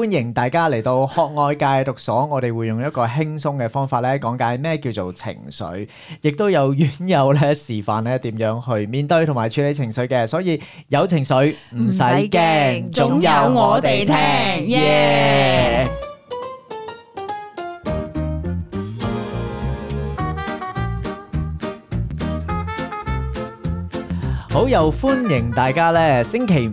歡迎大家嚟到渴愛戒毒所，我哋會用一個輕鬆嘅方法咧講解咩叫做情緒，亦都有院友咧示範咧點樣去面對同埋處理情緒嘅，所以有情緒唔使驚，總有我哋聽，耶！好又歡迎大家咧，星期。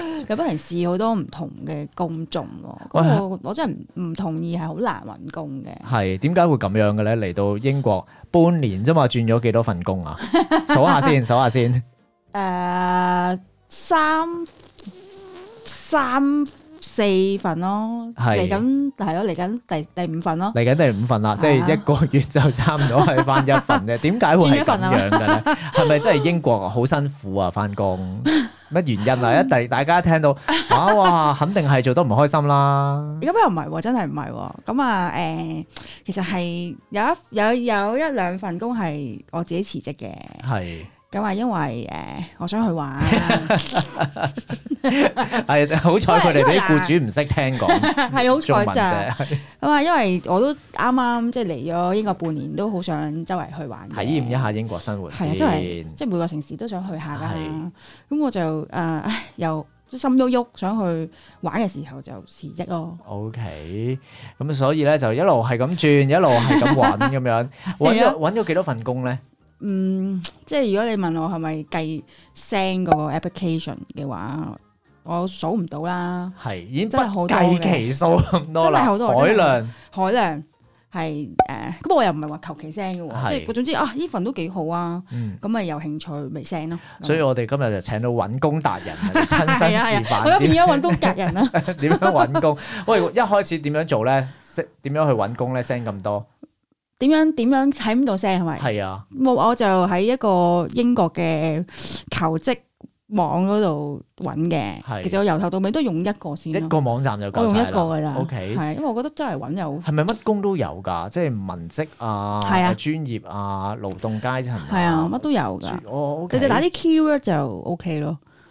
有不停試好多唔同嘅工種喎，咁我喂我真係唔同意係好難揾工嘅。係點解會咁樣嘅咧？嚟到英國半年啫嘛，轉咗幾多份工啊 ？數下先，數下先。誒，三三四份咯，嚟緊係咯，嚟緊第第五份咯，嚟緊第五份啦，啊、即係一個月就差唔多係翻一份嘅。點解 會係咁樣嘅咧？係咪真係英國好辛苦啊？翻工？ 乜原因啊？一第 大家一聽到，哇哇，肯定係做得唔開心啦！咁又唔係，真係唔係。咁啊，誒，其實係有一有有一兩份工係我自己辭職嘅。係。咁啊，因為誒、呃，我想去玩，係好彩佢哋畀僱主唔識聽講，係 好彩啫。咁啊， 因為我都啱啱即係嚟咗英國半年，都好想周圍去玩，體驗一下英國生活啊， 即係每個城市都想去下啦。咁是、嗯、我就誒、呃、又心喐喐想去玩嘅時候就辭職咯。OK，咁所以咧就一路係咁轉，一路係咁玩。咁樣，揾咗咗幾多份工咧？嗯，即係如果你問我係咪計 send 嗰個 application 嘅話，我數唔到啦。係已經真係不計其數咁多啦，好多，海量海量係誒，咁我又唔係話求其 send 嘅喎，即係總之啊，呢份都幾好啊，咁啊有興趣咪 send 咯。所以我哋今日就請到揾工達人嚟，親身示範點樣揾工達人啦。點樣揾工？喂，一開始點樣做咧？識點樣去揾工咧？send 咁多？點樣點樣，聽唔到聲係咪？係啊，我我就喺一個英國嘅求職網嗰度揾嘅。係、啊，其實我由頭到尾都用一個先咯。一個網站就夠晒啦。O K，係，因為我覺得周圍揾有。係咪乜工都有噶？即係文職啊，專、啊、業啊，勞動階層係啊，乜、啊、都有噶。你哋、哦 okay、打啲 keyword 就 O K 咯。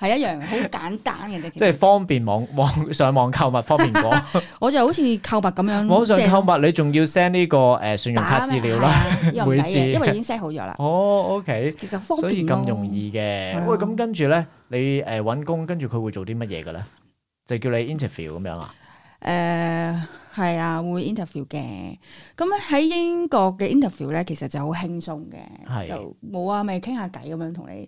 係一樣好簡單嘅啫，即係方便網網上網購物方便啲。我就好似購物咁樣。網上購物你仲要 send 呢個誒信用卡資料啦，每次因為已經 send 好咗啦。哦，OK。其實方便咯，所以咁容易嘅。喂，咁跟住咧，你誒搵工，跟住佢會做啲乜嘢嘅咧？就叫你 interview 咁樣啊？誒，係啊，會 interview 嘅。咁咧喺英國嘅 interview 咧，其實就好輕鬆嘅，就冇啊，咪傾下偈咁樣同你。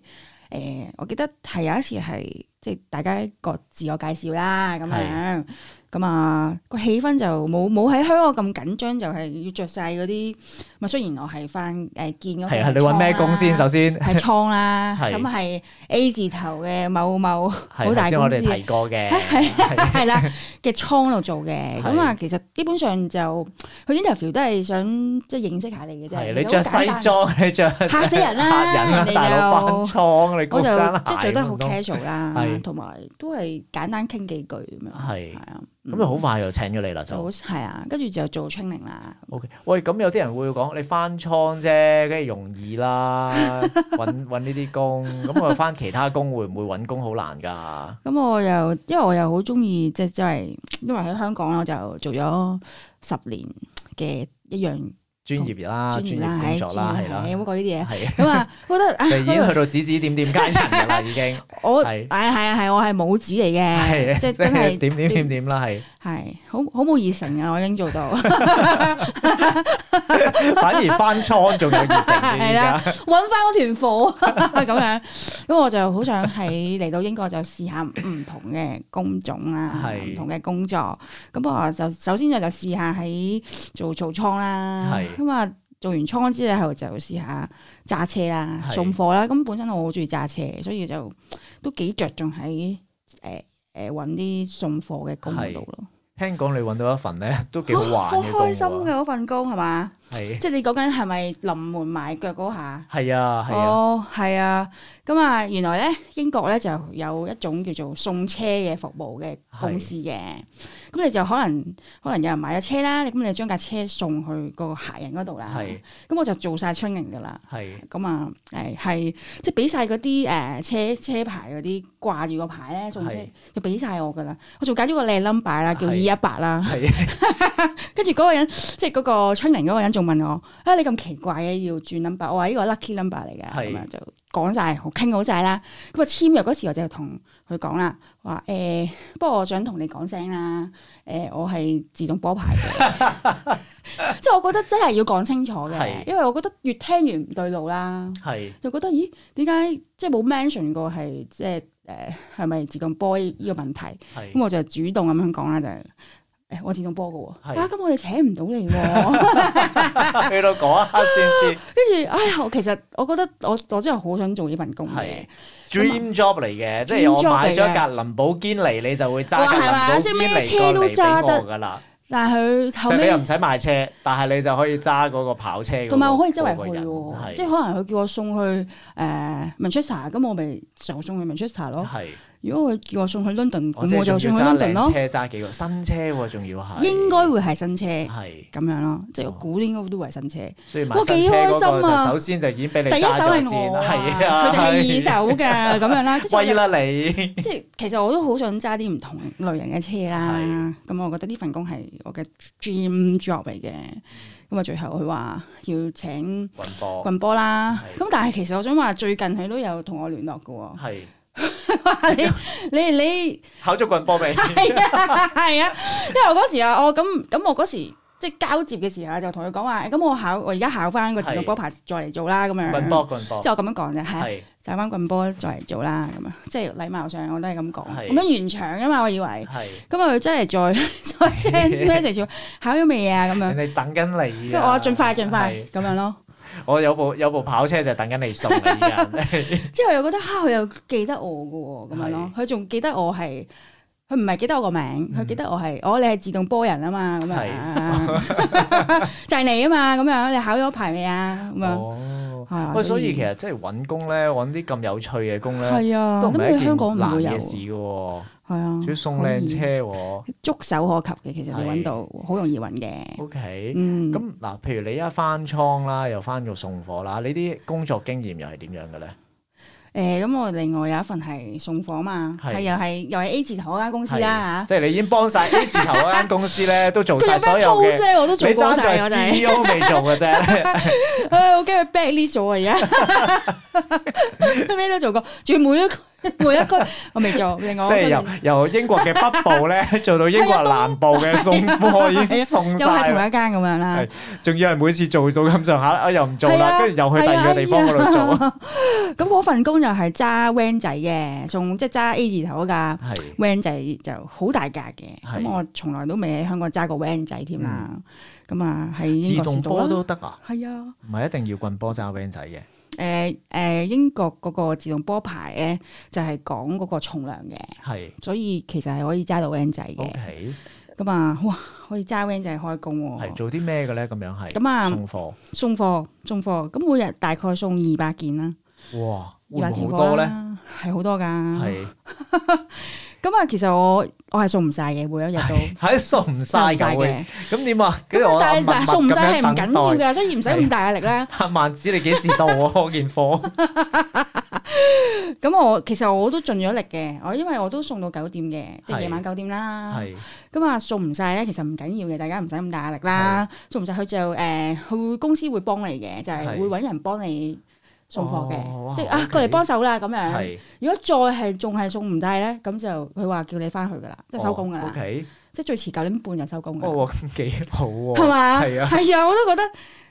誒、欸，我記得係有一次係。即係大家各自我介紹啦，咁樣咁啊，個氣氛就冇冇喺香港咁緊張，就係要著曬嗰啲。咪雖然我係翻誒見嗰個，係係你揾咩工先？首先係倉啦，咁係 A 字頭嘅某某好大公司，我哋提過嘅係係啦嘅倉度做嘅。咁啊，其實基本上就去 interview 都係想即係認識下你嘅啫。係你著西裝，你著嚇死人啦！人啦，大佬翻倉，你國爭鞋。我就即係做得好 casual 啦。同埋都係簡單傾幾句咁樣，係係是啊，咁就好快又請咗你啦就，好。係啊，跟住就做 cleaning 啦。OK，喂，咁有啲人會講你翻倉啫，梗係容易啦，搵搵呢啲工，咁我翻其他工 會唔會搵工好難噶？咁我又因為我又好中意即係即係，因為喺香港我就做咗十年嘅一樣。專業啦，專業工作啦，係啦，有冇講呢啲嘢？咁啊，覺得佢已經去到指指點點階層㗎喇，已經。我係係係，我係母子嚟嘅，即係即係點點點點啦，係。係好好冇熱誠啊。我已經做到反而翻倉仲有熱誠，係啦， 揾翻嗰團火咁樣。咁 我就好想喺嚟到英國就試下唔同嘅工種啦，唔是同嘅工作。咁我就首先就就試下喺做做倉啦。咁啊是，做完倉之後就試下揸車啦、送貨啦。咁是本身我好中意揸車，所以就都幾着重喺誒誒揾啲送貨嘅工度咯。聽講你揾到一份咧，都幾好玩嘅工啊！好開心嘅嗰份工係嘛？係，即係你講緊係咪臨門買腳嗰下？係啊，係啊，哦，係啊，咁啊，原來咧英國咧就有一種叫做送車嘅服務嘅公司嘅，咁你就可能可能有人買咗車啦，咁你就將架車送去個客人嗰度啦，咁我就做晒春人噶啦，係，咁啊，誒係，即係俾晒嗰啲誒車車牌嗰啲掛住個牌咧送車，就俾晒我噶啦，我仲搞咗個靚 number 啦，叫二一八啦，係，跟住嗰個人即係嗰個春人嗰個人。仲問我啊、哎，你咁奇怪嘅要轉 number？我話呢個 lucky number 嚟嘅，咁是樣就講晒，好傾好晒啦。咁啊簽約嗰時我就同佢講啦，話誒、欸，不過我想同你講聲啦，誒、欸，我係自動波牌嘅， 即係我覺得真係要講清楚嘅，是因為我覺得越聽越唔對路啦，係是，就覺得咦，點解即係冇 mention 過係即係誒係咪自動波呢個問題？咁我就主動咁樣講啦就係。口 我自動波嘅喎，啊咁我哋請唔到你喎，去到講下先知。跟住，哎呀，其實我覺得我我真係好想做呢份工嘅，dream job 嚟嘅，即係我買咗架林寶堅尼，你就會揸林寶堅尼車都揸得㗎啦。但係佢後尾又唔使買車，但係你就可以揸嗰個跑車。同埋我可以周圍去，即係可能佢叫我送去誒 Manchester 咁，我咪就送去 Manchester 咯。係。如果佢叫我送去 London，咁我就送去 London 咯。我揸零車揸幾個新車喎，仲要係應該會係新車，係咁樣咯，即係我估應該都係新車。雖然買新車嗰個，我幾開心啊，首先就已經俾你揸咗先，第一手係我，係啊，佢哋係二手噶，咁樣啦。歸啦你，即係其實我都好想揸啲唔同類型嘅車啦。咁我覺得呢份工係我嘅 dream job 嚟嘅。咁啊，最後佢話要請棍波，棍波啦。咁但係其實我想話，最近佢都有同我聯絡嘅喎。 你你你考咗棍波未？係 啊，係啊，因為我嗰時啊，我咁咁，我嗰時即係交接嘅時候就同佢講話，咁、欸、我考，我而家考翻個自動波牌再嚟做啦，咁樣棍。棍波棍波，即係我咁樣講啫吓。係考翻棍波再嚟做啦，咁啊，即係禮貌上我都係咁講，咁是樣完場啊嘛，我以為。係咁啊，佢真係再再 send 考咗未啊？咁樣。你等緊你。即係我盡快盡快咁樣咯。我有部有部跑車就等緊你送啦，已 之後又覺得哈，佢又記得我噶，咁樣咯。佢仲 記得我係，佢唔係記得我個名，佢、嗯、記得我係，哦，你係自動波人啊嘛，咁樣是 就係你啊嘛，咁樣你考咗牌未啊？咁樣。哦。喂，所以其實真係搵工咧，搵啲咁有趣嘅工咧，啊、都唔係一件難嘅事噶。係啊，仲要送靚車喎，觸手可及嘅，其實你搵到好容易搵嘅。O K，咁嗱，譬如你一翻倉啦，又翻做送貨啦，你啲工作經驗又係點樣嘅咧？誒，咁我另外有一份係送貨啊嘛，係又係又係 A 字頭嗰間公司啦，即係你已經幫晒 A 字頭嗰間公司咧，都做晒所有嘢，我都做晒，未做㗎啫。誒，我今日 back list 而家咩都做過，做每一個。每一個我未做，即係由由英國嘅北部咧做到英國南部嘅送貨已經送晒，有同一間咁樣啦。係，仲要係每次做到咁上下，我又唔做啦，跟住又去第二個地方嗰度做。咁嗰份工就係揸 van 仔嘅，仲即係揸 A 字頭㗎，van 仔就好大架嘅。咁我從來都未喺香港揸過 van 仔添啦。咁啊，喺自動波都得，係啊，唔係一定要棍波揸 van 仔嘅。誒誒、呃，英國嗰個自動波牌咧，就係講嗰個重量嘅，係是，所以其實係可以揸到 van 仔嘅，咁 Okay. 啊，哇，可以揸 van 仔開工，係做啲咩嘅咧？咁樣係，咁啊，啊送貨貨，送貨，送貨，咁每日大概送二百件啦，哇，二百件多咧，係好多噶。是 咁啊，其實我我係送唔晒嘅，每一日都係送唔晒嘅。咁點啊？咁但係送唔晒係唔緊要嘅，所以唔使咁大壓力咧。阿萬子，你幾時到我件貨？咁我其實我都盡咗力嘅，我因為我都送到九點嘅，即係夜晚九點啦。係。咁啊，送唔晒咧，其實唔緊要嘅，大家唔使咁大壓力啦。送唔晒，佢就誒，佢公司會幫你嘅，就係會揾人幫你。送貨嘅，哦、即係是啊，okay. 過嚟幫手啦咁樣。是如果再係仲係送唔到咧，咁就佢話叫你翻去噶啦，即係收工噶啦。即係最遲九點半就收工嘅。哇、哦，哦哦、幾好喎、哦！係嘛吧？係啊，係啊，我都覺得。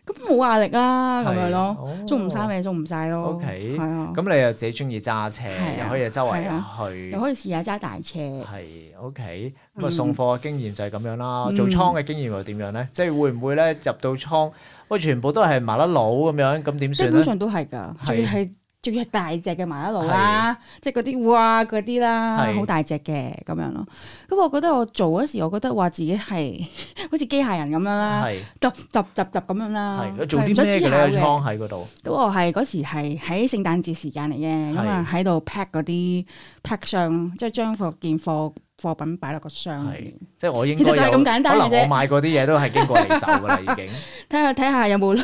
咁冇壓力啦，咁樣、哦、咯，送唔晒咪送唔晒咯。OK，咁你又自己中意揸車，的又可以周圍去，又可以試下揸大車。係 OK。咁啊，送貨嘅經驗就係咁樣啦。嗯、做倉嘅經驗又點樣咧？嗯、即係會唔會咧入到倉，喂，全部都係麻甩佬咁樣，咁點算？通常都係㗎，係係的。仲有大隻嘅埋一路、啊、的啦，即係嗰啲哇嗰啲啦，好大隻嘅咁樣咯。咁我覺得我做嗰時，我覺得話自己係好似機械人咁樣，的樣啦，揼揼揼揼咁樣啦。係做啲咩嘅咧？倉喺嗰度都我係嗰時係喺聖誕節時間嚟嘅，咁啊喺度 pack 嗰啲 pack 箱，即係將貨件貨貨品擺落個箱裏面。係即係我應該就係咁簡單，可能我買過啲嘢都係經過你手噶啦，已經。 睇下睇下有冇。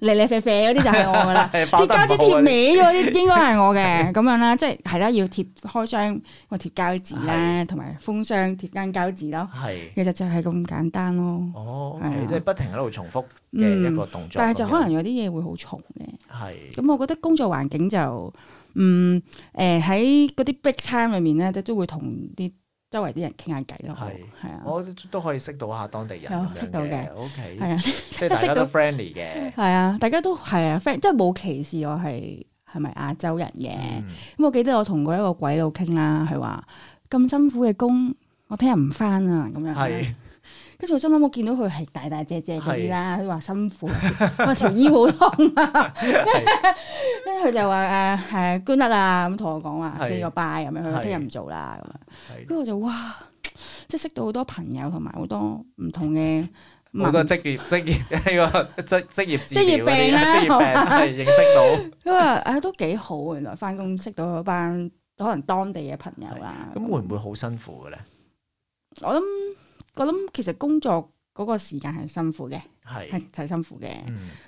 嚟嚟啡啡嗰啲就係我噶啦，貼膠紙貼尾嗰啲應該係我嘅咁 是的 樣啦，即係係啦，要貼開箱我貼膠紙啦，同埋是的 封箱貼間膠紙咯，係，是的 其實就係咁簡單咯。哦，即係不停喺度重複嘅一個動作，嗯，但係就可能有啲嘢會好重嘅。係，咁我覺得工作環境就，嗯，誒、呃、喺嗰啲 break time 裏面咧，都都會同啲。周圍啲人傾下偈都好，係是啊，我都可以識到下當地人，啊、識到嘅，O K，係啊，即大家都 friendly 嘅 到，係啊，大家都係啊，friend， 即係冇歧視我係係咪亞洲人嘅。咁、嗯、我記得我同過一個鬼佬傾啦，佢話咁辛苦嘅工，我聽日唔返啊，咁樣。跟住我心諗我見到佢係大大只隻嗰啲啦，佢話辛苦，話條腰好痛。跟住佢就話誒誒，good luck 啊，咁同我講話四個拜咁樣，佢話聽日唔做啦咁樣。跟住我就哇，即係識到好多朋友同埋好多唔同嘅唔同職業、職業呢個職職業、職業病啦，職業病嚟認識到。因為誒都幾好，原來翻工識到嗰班可能當地嘅朋友啦。咁會唔會好辛苦嘅咧？我諗。我諗其實工作嗰個時間係辛苦嘅，係係真辛苦嘅。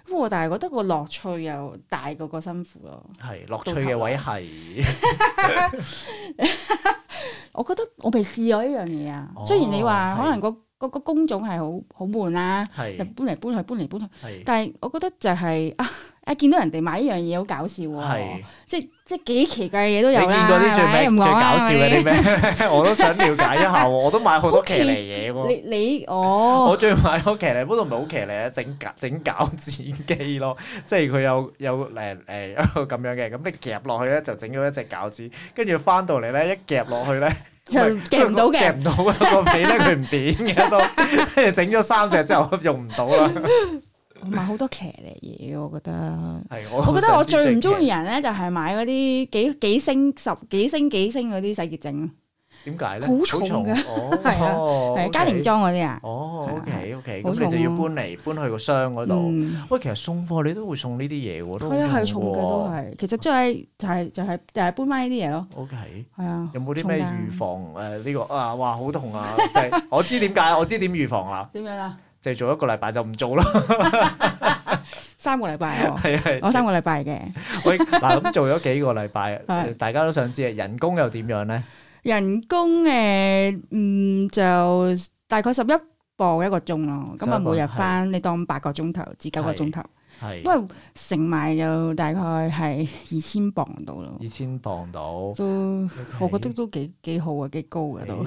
不過、嗯、但係我覺得個樂趣又大過個辛苦咯。係樂趣嘅位係， 我覺得我未試過一樣嘢啊。哦、雖然你話可能、嗰個是個工種係好好悶啦，係、啊、是搬嚟搬去搬嚟搬去，搬嚟搬去是但係我覺得就係、是、啊。啊！見到人哋買一樣嘢好搞笑喎是，即係即係幾奇怪嘅嘢都有，你見過啲最，吧最搞笑嘅啲咩？什 我都想了解一下喎。 我都買好多騎呢嘢喎。你你、哦、我我最近買咗騎呢，嗰度唔係好騎呢，整整餃子機咯。即係佢有有誒誒一個咁樣嘅，咁你夾落去咧就整咗一隻餃子，跟住翻到嚟咧一夾落去咧就夾唔到嘅， 夾唔到嘅個皮咧佢唔扁嘅都，整咗三隻之後用唔到啦。 買好多騎呢嘢，我覺得。係我。我覺得我最唔中意人咧，就係買嗰啲幾幾升十幾升幾升嗰啲洗潔精。點解咧？好重㗎。係啊。係家庭裝嗰啲啊。哦，OK，OK。好重。好重。咁你就要搬嚟搬去個箱嗰度。喂，其實送貨你都會送呢啲嘢喎。都。係啊，係重嘅都係。其實即係就係就係就係搬翻呢啲嘢咯。OK。係啊。有冇啲咩預防誒？呢個啊，哇！好痛啊！即係我知點解，我知點預防啦。點樣啊？就做一個禮拜就唔做囉，三個禮拜喎，我三個禮拜嘅。喂，嗱，咁做咗幾個禮拜，大家都想知啊，人工又點樣咧？人工誒，嗯，就大概十一。播一個鐘咯，咁啊每日返，是你當八個鐘頭至九個鐘頭，不過乘埋就大概係二千磅到咯。二千磅到，都我覺得都幾 Okay. 幾好啊，幾高噶都。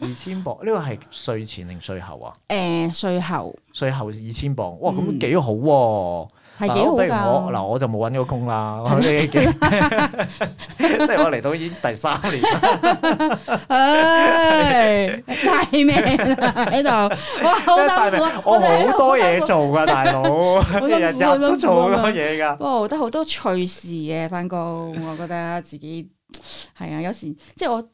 二千 Okay. 磅呢，這個係稅前定稅後啊？誒，稅後。稅、欸、後二千磅，哇，咁幾好喎，啊！嗯係幾好噶？嗱、喔，我就冇揾 個工啦，即係 我嚟到已經第三年，係係咩？喺度、啊，我好辛苦，我好多嘢做噶， 大佬，日日都做好多嘢噶。不過得好多趣事嘅，返工我覺得自己係啊，有時即係我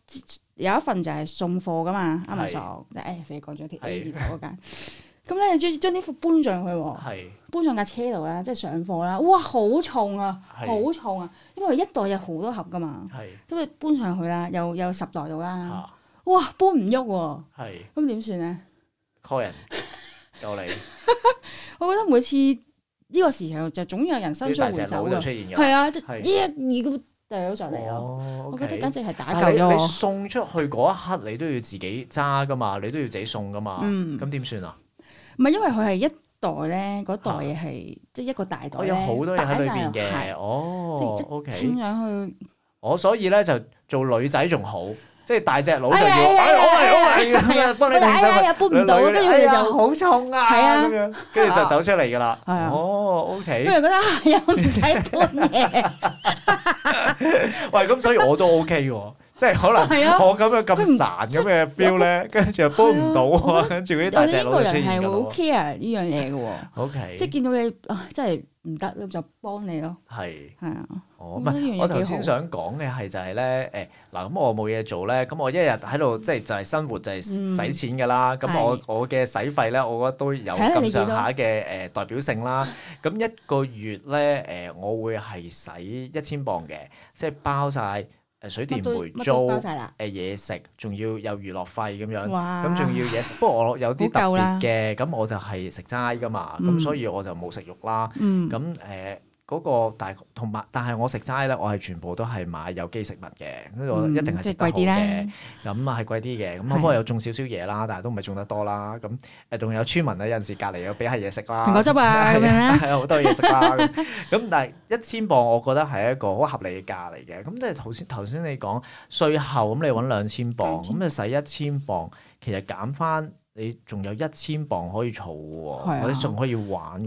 有一份就係送貨噶嘛，啱啱上，就，誒、哎，成日講咗啲間。是咁咧，將將呢副搬上去喎，搬上架車度啦，即係上貨啦。哇，好重啊，好重啊！因為一袋有好多盒噶嘛，都會是的 搬上去啦，又有十袋度啦，哇，搬唔喐喎，咁點算咧？Call 人，救你。 我覺得每次呢個時候就總有人伸出援手噶，係啊，呢的一、二個掉咗上嚟啊，我覺得簡直係打救咗。你送出去嗰一刻，你都要自己揸噶嘛，你都要自己送噶嘛，嗯，咁點算啊？唔係，因為佢係一袋咧，嗰袋係即係一個大袋有好多嘢喺裏邊嘅，哦，即係 O K。點樣去？我所以咧就做女仔仲好，即係大隻佬就要，係啊，我嚟，我嚟，係啊，幫你搬出去，搬唔到呢樣又好重啊，係啊，咁樣，跟住就走出嚟噶啦，係啊，哦，O K。因為嗰啲客人唔使搬嘢。喂，咁所以我都 O K 喎。即係可能我咁樣咁孱咁嘅 feel 咧，跟住又幫唔到，跟住嗰啲大隻佬出現嘅喎。有啲英國人係會 care 呢樣嘢嘅喎。OK。即係見到你，真係唔得就幫你咯。係。係啊。哦，唔係，我頭先想講嘅係就係咧，誒嗱，咁我冇嘢做咧，咁我一日喺度即係就係生活就係使錢嘅啦。咁我我嘅使費咧，我覺得都有咁上下嘅、誒代表性啦。咁一個月咧，誒我會係使一千磅嘅，即係包曬。水電煤租，誒嘢、呃、食，仲要有娛樂費咁樣，咁仲哇要嘢食，唉不過我有啲特別嘅，咁我就係食齋㗎嘛，咁、嗯、所以我就冇食肉啦。咁誒、嗯。嗰、那個大同埋，但係我食齋咧，我係全部都係買有機食物嘅，跟住我一定係食得好嘅，咁啊係貴啲嘅，咁不過又種少少嘢啦，的但係都唔係種得多啦，咁誒仲有村民咧，有陣時隔離有俾下嘢食啦，蘋果汁啊咁樣咧，係好 多嘢食啦，咁 但係一千磅我覺得係一個好合理嘅價嚟嘅，咁即係頭先頭先你講稅後咁你揾兩千磅，咁你使一千磅，其實減翻。你仲有一千磅可以儲喎，或者仲、啊、可以玩喎，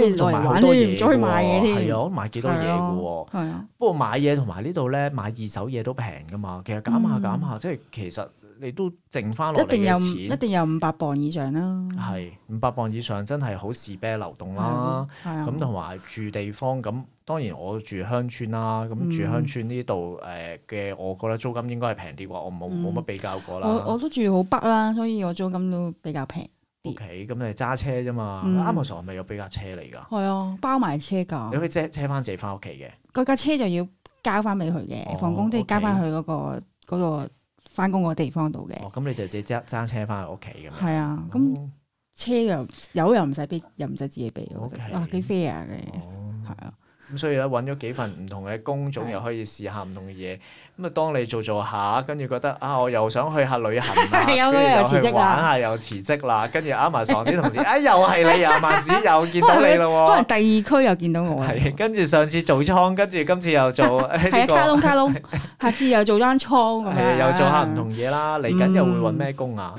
跟住仲買好多嘢喎，係啊，我都買幾多嘢㗎喎，啊，啊不過買嘢同埋呢度咧買二手嘢都平㗎嘛，其實減下減下，嗯、即係其實。你都剩翻落嚟嘅錢，一定有一定有五百磅以上啦。係五百磅以上，真係好市啤流動啦。咁同埋住地方，咁當然我住鄉村啦。咁住鄉村呢度，誒嘅我覺得租金應該係平啲啩。我冇冇乜比較過啦。我我都住好北啦，所以我租金都比較平啲。屋企咁你揸車啫嘛，啱唔啱？傻咪有俾架車嚟噶？係啊，包埋車噶。你可以借車翻自己翻屋企嘅。嗰架車就要交翻俾佢嘅放工，都要交翻佢嗰個嗰個。翻工個地方度嘅，哦咁你就自己揸車翻去屋企咁，係啊，咁、哦、車又有又唔使俾，又唔使自己俾，哇幾 fair 嘅。係、哦、啊。咁所以咧，揾咗幾份唔同嘅工種，嗯、又可以試下唔同嘅嘢。咁啊，當你做做下，跟住覺得啊，我又想去下旅行啊， 有個又辭職下又辭職啦。跟住啱埋上啲同事，啊、 哎、又係你啊，萬 子又見到你咯喎！ 可能第二區又見到我。係，跟住上次做倉，跟住今次又做係啊卡窿卡窿， 下次又做單倉。係 又做下唔同嘢啦。嚟緊又會揾咩工、嗯、啊？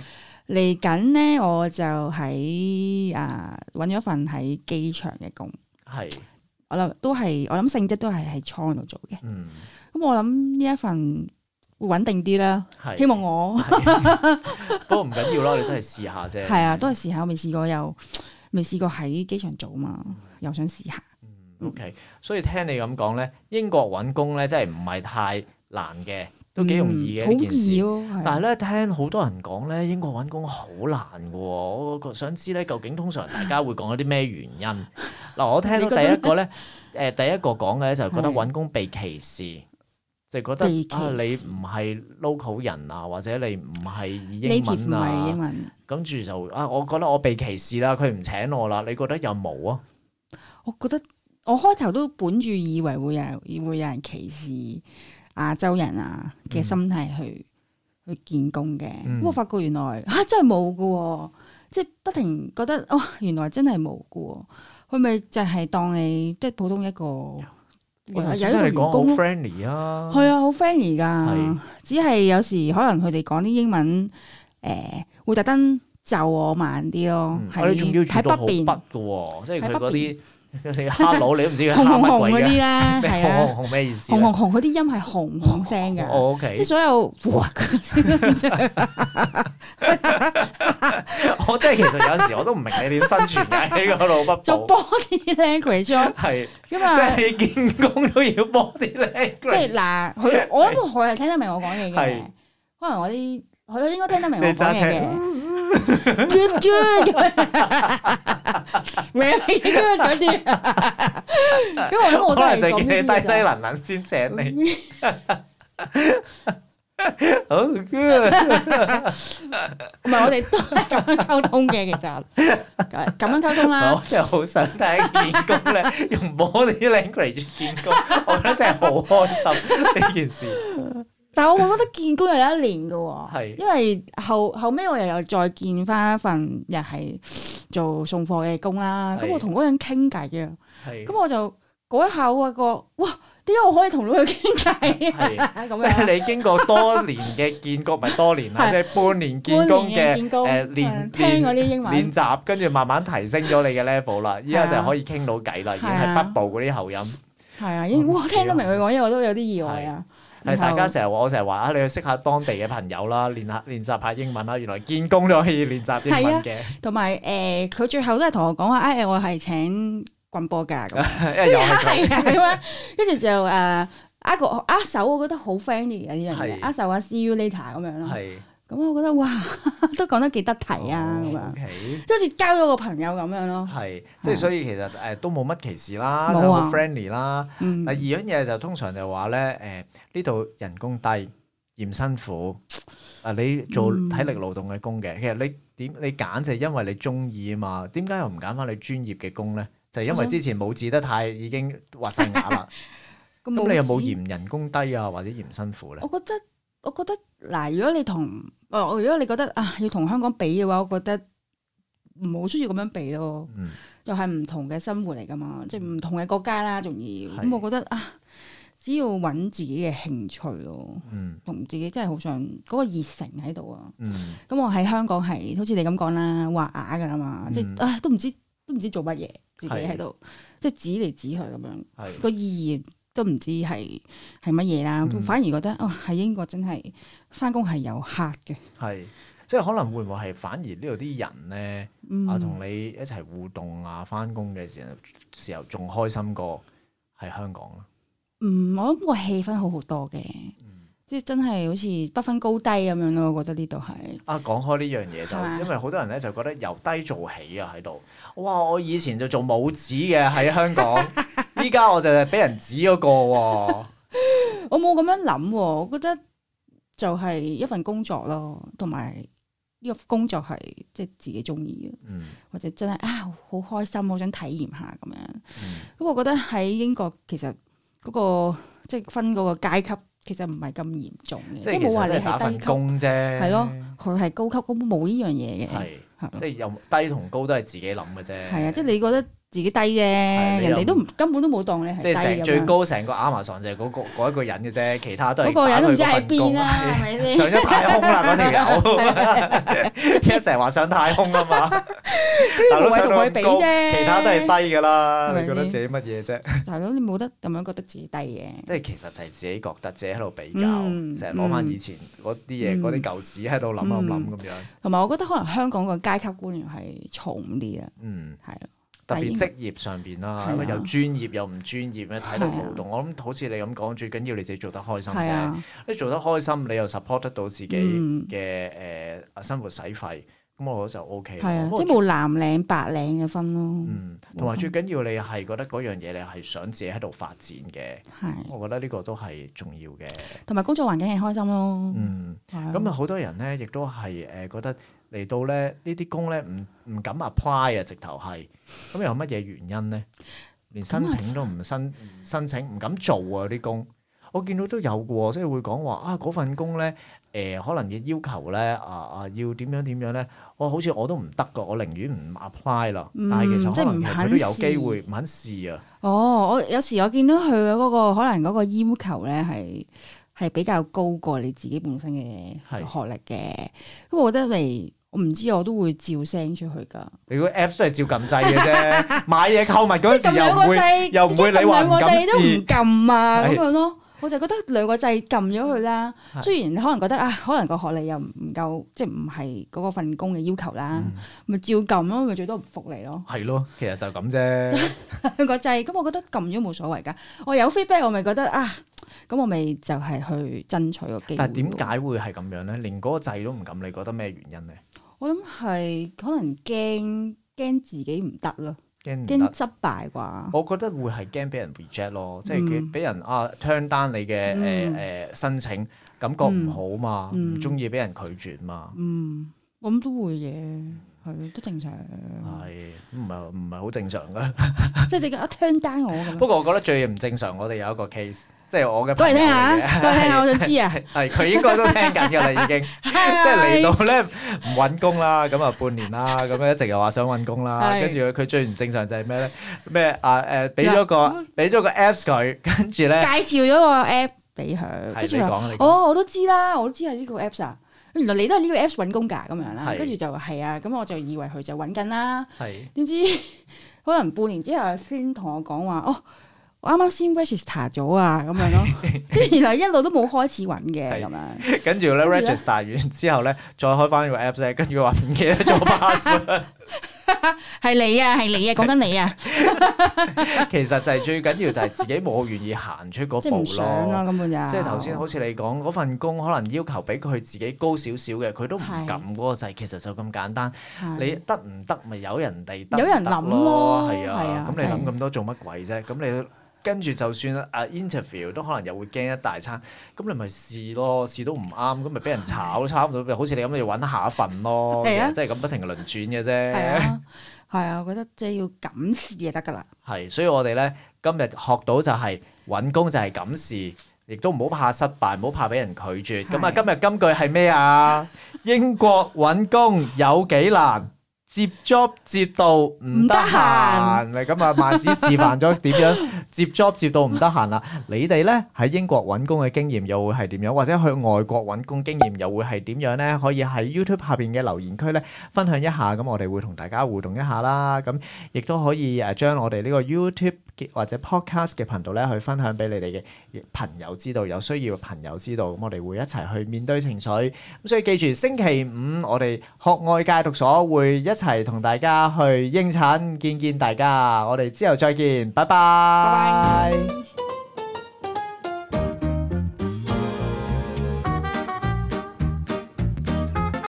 嚟緊咧，我就喺啊揾咗份喺機場嘅工係。 我諗都係，我諗性質都係喺倉度做嘅。嗯，咁、嗯、我諗呢一份會穩定啲啦。係的，希望我的。 不過唔緊要啦， 你都係試下啫。係啊，都係試下，我未試過又未試過喺機場做嘛，嗯、又想試下。嗯、o、okay, k 所以聽你咁講咧，英國搵工咧，真係唔係太難嘅。都幾容易嘅一件事，嗯、但係咧，聽好多人講咧，英國揾工好難嘅喎。我想知咧，究竟通常大家會講一啲咩原因？嗱， 我聽到第一個咧，誒第一個講嘅咧，就覺得揾工被歧視，的就覺得啊你唔係 local 人啊，或者你唔係英文啊，跟住就啊，我覺得我被歧視啦，佢唔請我啦，你覺得有冇啊？ 我覺得我開頭都本住以為會有人會有人歧視。亞洲人啊嘅心態去、嗯、去見工嘅，不過、嗯、我發覺原來吓、啊、真係冇嘅，即係不停覺得哦，原來真係冇嘅，佢咪就係當你即係普通一個，有啲、嗯、個員工，係啊，好 friendly 噶，是只係有時可能佢哋講啲英文，誒、呃，會特登就我慢啲咯，喺喺北邊嘅，北邊即係佢啲。蝦佬你都唔知佢蝦乜鬼嘅，紅紅紅嗰啲咧係啦，紅紅紅咩意思？紅紅紅嗰啲音係紅紅聲噶，O K。即係所有哇！我即係其實有陣時我都唔明你點生存喺呢個老北。就 body language 係，因為即係你見工都要 body language。即係嗱，佢我諗佢係聽得明我講嘢嘅，可能我啲佢應該聽得明我講嘢嘅。Good good。咩 你呢？嗰啲，咁我諗我真係咁意思。我哋低低能能先請你， 好 good 好。唔係 我哋都係咁樣溝通嘅，其實咁樣溝通啦。我真係好想睇見工咧，用某啲 language 見工，我覺得真係好開心呢 件事。但係我覺得見工又有一年嘅喎，因為後後尾我又又再見翻一份又係做送貨嘅工啦。咁我同嗰個人傾偈啊，咁我就嗰一下我個哇，點解我可以同老友傾偈啊？咁樣你經過多年嘅見工，唔係多年啦，即係半年見工嘅誒練練練習，跟住慢慢提升咗你嘅 level 啦，依家就可以傾到偈啦，已經係北部嗰啲口音。係啊，已經我聽得明佢講嘢，我都有啲意外啊！誒大家成日我成日話啊，你去識下當地嘅朋友啦，練下練習下英文啦。原來見工都可以練習英文嘅。同埋誒，佢、呃、最後都係同我講話，誒、哎呃、我係請棍波噶咁。跟住係啊，跟住就誒握個握手，我覺得好 friendly 啊呢說樣嘢。握手話 see you later 咁樣啦。咁我覺得哇，都講得幾得體啊，即好似交咗個朋友咁樣咯。係是，即係是所以其實誒、呃、都冇乜歧視啦，啊、都好 friendly 啦。第二、嗯、樣嘢就通常就話咧，誒呢度人工低，嫌辛苦。啊、呃，你做體力勞動嘅工嘅，嗯、其實你點你揀就係因為你中意啊嘛？點解又唔揀翻你專業嘅工咧？就係、是、因為之前冇字得太已經話晒牙啦。咁想你有冇嫌人工低啊，或者嫌辛苦咧？我覺得。我覺得嗱，如果你同我，我、呃、如果你覺得啊，要同香港比嘅話，我覺得唔好需要咁樣比咯。又係唔同嘅生活嚟噶嘛，即係唔同嘅國家啦，仲要咁、嗯嗯，我覺得啊，只要搵自己嘅興趣咯。同自己真係好想嗰、嗰個熱誠喺度啊。嗯，咁我喺香港係好似你咁講啦，畫牙噶啦嘛，嗯、即係啊，都唔知都唔知做乜嘢，自己喺度即係指嚟指去咁樣。係個意義。都唔知係係乜嘢啦，反而覺得、嗯、哦，喺英國真係翻工係有客嘅。係，即係可能會唔會係反而呢度啲人咧，啊同、嗯、你一齊互動啊，翻工嘅時候時候仲開心過喺香港啦。嗯，我嗯，我諗個氣氛好好多嘅，即係真係好似不分高低咁樣咯。我覺得呢度係。啊，講開呢樣嘢就，嗎因為好多人咧就覺得由低做起啊喺度。哇，我以前就做舞子嘅喺香港。 依家我就係俾人指嗰個喎、哦， 我冇咁樣諗、哦，我覺得就係一份工作咯，同埋呢個工作係即係自己中意嘅，嗯、或者真係啊好開心，我想體驗下咁樣。咁、嗯、我覺得喺英國其實嗰、那個即係、就是、分嗰個階級，其實唔係咁嚴重嘅，即係冇話你係低級打工啫、哦，係咯，佢係高級，根本冇呢樣嘢嘅，係是是即係又低同高都係自己諗嘅啫，係啊，即係你覺得。自己低嘅，人哋都根本都冇當你係低咁即係成最高，成個 Amazon 就係嗰個一個人嘅啫，其他都係。嗰個人都唔知喺邊啦，上咗太空啦？嗰條友，成日話上太空啊嘛！大佬仲會比啫，其他都係低噶啦。你覺得自己乜嘢啫？係咯，你冇得咁樣覺得自己低嘅。即係其實就係自己覺得自己喺度比較，成日攞翻以前嗰啲嘢，嗰啲舊屎喺度諗諗諗咁樣。同埋我覺得可能香港個階級觀念係重啲啊，嗯，係。特別職業上邊啦，咁啊有專業又唔專業咧，睇到勞動。我諗好似你咁講，最緊要你自己做得開心啫。你做得開心，你又 support 得到自己嘅誒生活使費，咁我就 OK。係啊，即冇藍領白領嘅分咯。嗯，同埋最緊要你係覺得嗰樣嘢，你係想自己喺度發展嘅。係，我覺得呢個都係重要嘅。同埋工作環境係開心咯。嗯，咁啊，好多人咧亦都係誒覺得。嚟到咧，呢啲工咧唔唔敢 apply 啊！直頭係，咁又有乜嘢原因咧？連申請都唔申申請，唔、嗯、敢做啊。啲工。我見到都有嘅，即係會講話啊！嗰份工咧，誒、呃，可能嘅要求咧，啊啊，要點樣點樣咧？我好似我都唔得嘅，我寧願唔 apply 啦。但係其實可能佢都有機會，唔肯試啊。哦，我有時我見到佢嗰、那個可能嗰個要求咧係。係比較高過你自己本身嘅學歷嘅，是因為我覺得嚟，我唔知我都會照聲出去噶。如果 app 都係照撳掣嘅啫， 買嘢購物嗰陣時又唔會，又唔會你話撳都唔撳啊咁是樣咯。我就覺得兩個掣撳咗佢啦，嗯、雖然可能覺得啊，可能個學歷又唔夠，即係唔係嗰個份工嘅要求啦，咪、嗯、照撳咯，咪最多唔覆你咯。係咯，其實就咁啫， 兩個掣。咁我覺得撳咗冇所謂噶，我有 feedback，我咪覺得啊，咁我咪就係去爭取個機會。但係點解會係咁樣咧？連嗰個掣都唔撳，你覺得咩原因咧？我諗係可能驚驚自己唔得咯。驚執敗啩？我覺得會係驚俾人 reject 咯，即係佢俾人、嗯、啊 turn down 你嘅誒誒申請，感覺唔好嘛，唔中意俾人拒絕嘛。嗯，咁都會嘅。係都正常，係唔係唔係好正常嘅？即係直接一聽單我咁。不過我覺得最唔正常，我哋有一個 case，即係我嘅。講嚟聽下，講嚟聽下，我想知啊。係，佢應該都聽緊㗎啦，已經。係啊。即係嚟到咧，唔搵工啦，咁啊半年啦，咁樣一直又話想搵工啦，跟住佢最唔正常就係咩咧？咩啊？誒，俾咗個俾咗個 apps 佢，跟住咧，介紹咗個 app 俾佢。你講你講。哦，我都知啦，我都知係呢個 apps 啊。原來你都係呢個 apps 搵工噶咁樣啦，跟住是就係、是、啊，咁我就以為佢就搵緊啦，點是知可能半年之後先同我講話、哦，我啱啱先 register 咗啊，咁樣咯，即係原來一路都冇開始搵嘅咁樣，跟住咧 register 完之後咧，再開翻呢個 apps 嚟，跟住話唔記得咗 pass。 係 你啊，係你啊，講緊你啊。 其實就係最緊要就係自己冇願意行出嗰步咯。即係頭先好似你講嗰份工，可能要求比佢自己高少少嘅，佢都唔敢嗰個制。是其實就咁簡單，是你得唔得咪有人哋得？有人諗咯。係 啊，咁、啊、你諗咁多做乜鬼啫？咁你、啊。就是跟住就算啊 interview 都可能又會驚一大餐，咁你咪試咯，試都唔啱，咁咪俾人炒，炒唔到，就好似你咁，你揾下一份咯，即係咁不停嘅輪轉嘅啫。係啊，係啊，我覺得即係要敢試就得噶啦。係，所以我哋咧今日學到就係、是、揾工就係敢試，亦都唔好怕失敗，唔好怕俾人拒絕。咁啊的，今日金句係咩啊？ 英國揾工有幾難？接 job 接到唔得閒，咪咁啊！萬子示範咗點樣接 job 接到唔得閒啦。你哋咧喺英國揾工嘅經驗又會係點樣，或者去外國揾工經驗又會係點樣咧？可以喺 YouTube 下邊嘅留言區咧分享一下，咁我哋會同大家互動一下啦。咁亦都可以誒，將我哋呢個 YouTube。或者 podcast 嘅頻道咧，去分享俾你哋嘅朋友知道，有需要嘅朋友知道，咁我哋會一齊去面對情緒。咁所以記住，星期五我哋渴愛戒毒所會一齊同大家去應診見見大家。我哋之後再見，拜拜。Bye bye.